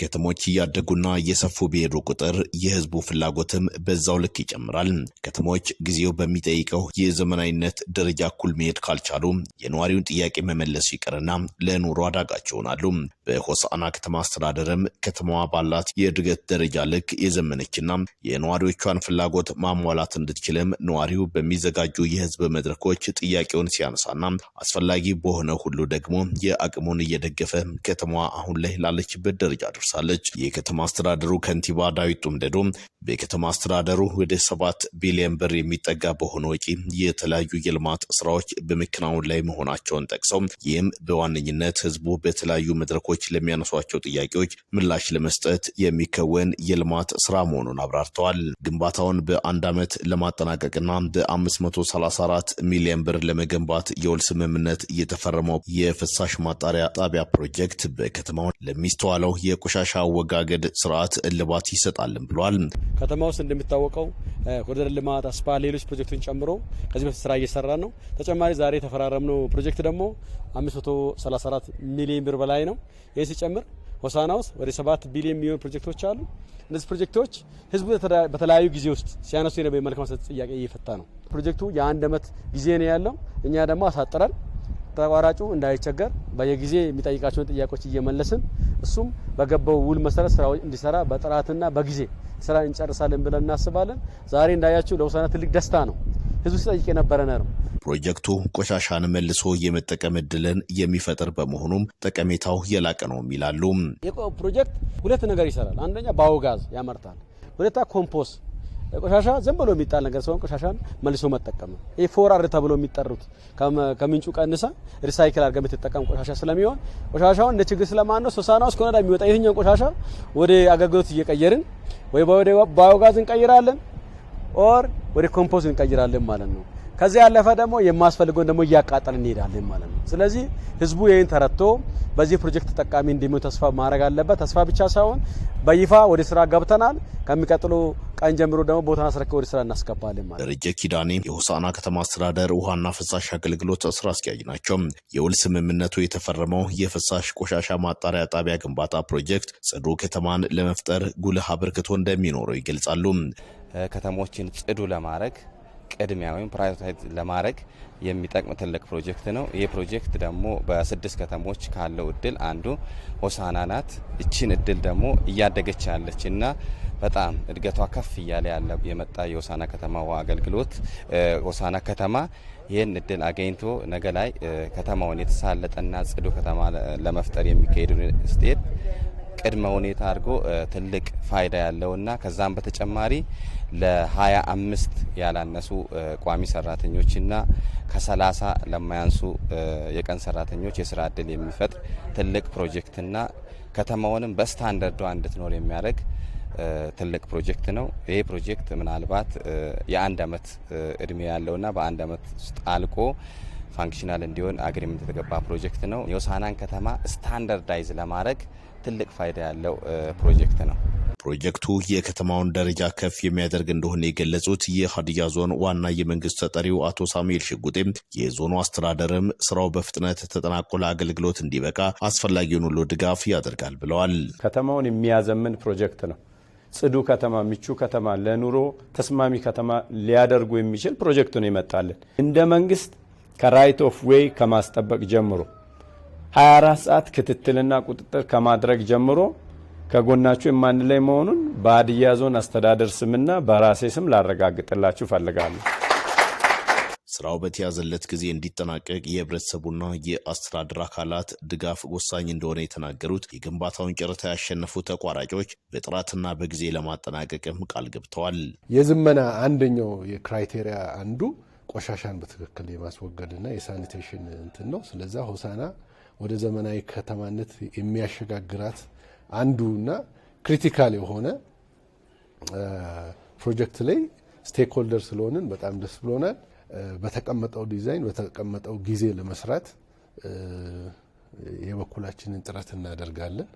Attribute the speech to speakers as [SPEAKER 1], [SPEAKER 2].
[SPEAKER 1] ከተሞች እያደጉና እየሰፉ በሄዱ ቁጥር የህዝቡ ፍላጎትም በዛው ልክ ይጨምራል። ከተሞች ጊዜው በሚጠይቀው የዘመናዊነት ደረጃ እኩል መሄድ ካልቻሉ የነዋሪውን ጥያቄ መመለስ ይቅርና ለኑሮ አዳጋች ይሆናሉ። በሆሳዕና ከተማ አስተዳደርም ከተማዋ ባላት የእድገት ደረጃ ልክ የዘመነችና የነዋሪዎቿን ፍላጎት ማሟላት እንድትችልም ነዋሪው በሚዘጋጁ የህዝብ መድረኮች ጥያቄውን ሲያነሳና አስፈላጊ በሆነ ሁሉ ደግሞ የአቅሙን እየደገፈ ከተማዋ አሁን ላይ ላለችበት ደረጃ ደርሷል። ደርሳለች። የከተማ አስተዳደሩ ከንቲባ ዳዊት ጡምደዶ በከተማ አስተዳደሩ ወደ ሰባት ቢሊዮን ብር የሚጠጋ በሆነ ወጪ የተለያዩ የልማት ስራዎች በመከናወን ላይ መሆናቸውን ጠቅሰው ይህም በዋነኝነት ህዝቡ በተለያዩ መድረኮች ለሚያነሷቸው ጥያቄዎች ምላሽ ለመስጠት የሚከወን የልማት ስራ መሆኑን አብራርተዋል። ግንባታውን በአንድ ዓመት ለማጠናቀቅና በ534 ሚሊዮን ብር ለመገንባት የውል ስምምነት የተፈረመው የፍሳሽ ማጣሪያ ጣቢያ ፕሮጀክት በከተማው ለሚስተዋለው የቆሻ የቆሻሻ አወጋገድ ስርዓት እልባት ይሰጣልም
[SPEAKER 2] ብሏል። ከተማ ውስጥ እንደሚታወቀው ኮሪደር ልማት፣ አስፓ፣ ሌሎች ፕሮጀክቶችን ጨምሮ ከዚህ በፊት ስራ እየሰራ ነው። ተጨማሪ ዛሬ የተፈራረምነው ፕሮጀክት ደግሞ 534 ሚሊዮን ብር በላይ ነው። ይህ ሲጨምር ሆሳና ውስጥ ወደ 7 ቢሊዮን የሚሆኑ ፕሮጀክቶች አሉ። እነዚህ ፕሮጀክቶች ህዝቡ በተለያዩ ጊዜ ውስጥ ሲያነሱ የነበረ የመልካም ጥያቄ እየፈታ ነው። ፕሮጀክቱ የአንድ ዓመት ጊዜ ነው ያለው። እኛ ደግሞ አሳጥረን ተቋራጩ እንዳይቸገር በየጊዜ የሚጠይቃቸውን ጥያቄዎች እየመለስን እሱም በገባው ውል መሰረት ስራዎች እንዲሰራ በጥራትና በጊዜ ስራ እንጨርሳለን ብለን እናስባለን። ዛሬ እንዳያችሁ ለውሳና ትልቅ ደስታ ነው። ህዝብ ሲጠይቅ የነበረ ነው።
[SPEAKER 1] ፕሮጀክቱ ቆሻሻን መልሶ የመጠቀም እድልን የሚፈጥር በመሆኑም ጠቀሜታው የላቀ ነው ይላሉ።
[SPEAKER 2] ፕሮጀክት ሁለት ነገር ይሰራል። አንደኛ ባዮጋዝ ያመርታል፣ ሁለታ ኮምፖስት ቆሻሻ ዝም ብሎ የሚጣል ነገር ሳይሆን ቆሻሻን መልሶ መጠቀም ነው። ይሄ ፎራር ተብሎ የሚጠሩት ከምንጩ ቀንሰ ሪሳይክል አድርገህ የምትጠቀም ቆሻሻ ስለሚሆን ቆሻሻውን እንደ ችግር ስለማንነው ሶሳና ውስጥ ከሆነ የሚወጣ የትኛውን ቆሻሻ ወደ አገልግሎት እየቀየርን ወይ ወደ ባዮጋዝ እንቀይራለን ኦር ወደ ኮምፖስት እንቀይራለን ማለት ነው። ከዚያ ያለፈ ደግሞ የማስፈልገውን ደግሞ እያቃጠልን እንሄዳለን ማለት ነው። ስለዚህ ህዝቡ ይህን ተረድቶ በዚህ ፕሮጀክት ተጠቃሚ እንደሚሆን ተስፋ ማድረግ አለበት። ተስፋ ብቻ ሳይሆን በይፋ ወደ ስራ ገብተናል። ከሚቀጥሉ ቀን ጀምሮ ደግሞ ቦታ አስረክበ ወደ ስራ እናስገባለን ማለት።
[SPEAKER 1] ደረጀ ኪዳኔ የሆሳና ከተማ አስተዳደር ውሃና ፍሳሽ አገልግሎት ስራ አስኪያጅ ናቸው። የውል ስምምነቱ የተፈረመው የፍሳሽ ቆሻሻ ማጣሪያ ጣቢያ ግንባታ ፕሮጀክት ጽዱ ከተማን ለመፍጠር ጉልህ አበርክቶ እንደሚኖረው ይገልጻሉ።
[SPEAKER 3] ከተሞችን ጽዱ ለማድረግ ቅድሚያ ወይም ፕራዮሪታይዝ ለማድረግ የሚጠቅም ትልቅ ፕሮጀክት ነው። ይህ ፕሮጀክት ደግሞ በስድስት ከተሞች ካለው እድል አንዱ ሆሳና ናት። እችን እድል ደግሞ እያደገች ያለች እና በጣም እድገቷ ከፍ እያለ ያለ የመጣ የሆሳና ከተማ ውሃ አገልግሎት ሆሳና ከተማ ይህን እድል አገኝቶ ነገ ላይ ከተማውን የተሳለጠና ጽዱ ከተማ ለመፍጠር የሚካሄዱ ስቴት ቅድመ ሁኔታ አድርጎ ትልቅ ፋይዳ ያለውና ከዛም በተጨማሪ ለሀያ አምስት ያላነሱ ቋሚ ሰራተኞችና ከሰላሳ ለማያንሱ የቀን ሰራተኞች የስራ እድል የሚፈጥር ትልቅ ፕሮጀክትና ከተማውንም በስታንዳርዷ እንድትኖር የሚያደርግ ትልቅ ፕሮጀክት ነው። ይሄ ፕሮጀክት ምናልባት የአንድ አመት እድሜ ያለውና በአንድ አመት ውስጥ አልቆ ፋንክሽናል እንዲሆን አግሪመንት የተገባ ፕሮጀክት ነው። የሆሳናን ከተማ ስታንዳርዳይዝ ለማድረግ ትልቅ ፋይዳ ያለው ፕሮጀክት ነው።
[SPEAKER 1] ፕሮጀክቱ የከተማውን ደረጃ ከፍ የሚያደርግ እንደሆነ የገለጹት የሀዲያ ዞን ዋና የመንግስት ተጠሪው አቶ ሳሙኤል ሽጉጤም የዞኑ አስተዳደርም ስራው በፍጥነት ተጠናቆ ለአገልግሎት እንዲበቃ አስፈላጊውን ሁሉ ድጋፍ ያደርጋል ብለዋል። ከተማውን የሚያዘምን ፕሮጀክት ነው። ጽዱ ከተማ፣ ምቹ ከተማ፣ ለኑሮ ተስማሚ ከተማ ሊያደርጉ የሚችል ፕሮጀክት ነው እንደ መንግስት ከራይት ኦፍ ዌይ ከማስጠበቅ ጀምሮ 24 ሰዓት ክትትልና ቁጥጥር ከማድረግ ጀምሮ ከጎናችሁ የማንለይ መሆኑን በሀዲያ ዞን አስተዳደር ስምና በራሴ ስም ላረጋግጥላችሁ እፈልጋለሁ። ስራው በተያዘለት ጊዜ እንዲጠናቀቅ የህብረተሰቡና የአስተዳደር አካላት ድጋፍ ወሳኝ እንደሆነ የተናገሩት የግንባታውን ጨረታ ያሸነፉ ተቋራጮች በጥራትና በጊዜ ለማጠናቀቅም ቃል ገብተዋል።
[SPEAKER 4] የዝመና አንደኛው የክራይቴሪያ አንዱ ቆሻሻን በትክክል የማስወገድና የሳኒቴሽን እንትን ነው። ስለዛ ሆሳና ወደ ዘመናዊ ከተማነት የሚያሸጋግራት አንዱና ክሪቲካል የሆነ ፕሮጀክት ላይ ስቴክሆልደር ስለሆንን በጣም ደስ ብሎናል። በተቀመጠው ዲዛይን በተቀመጠው ጊዜ ለመስራት የበኩላችንን ጥረት እናደርጋለን።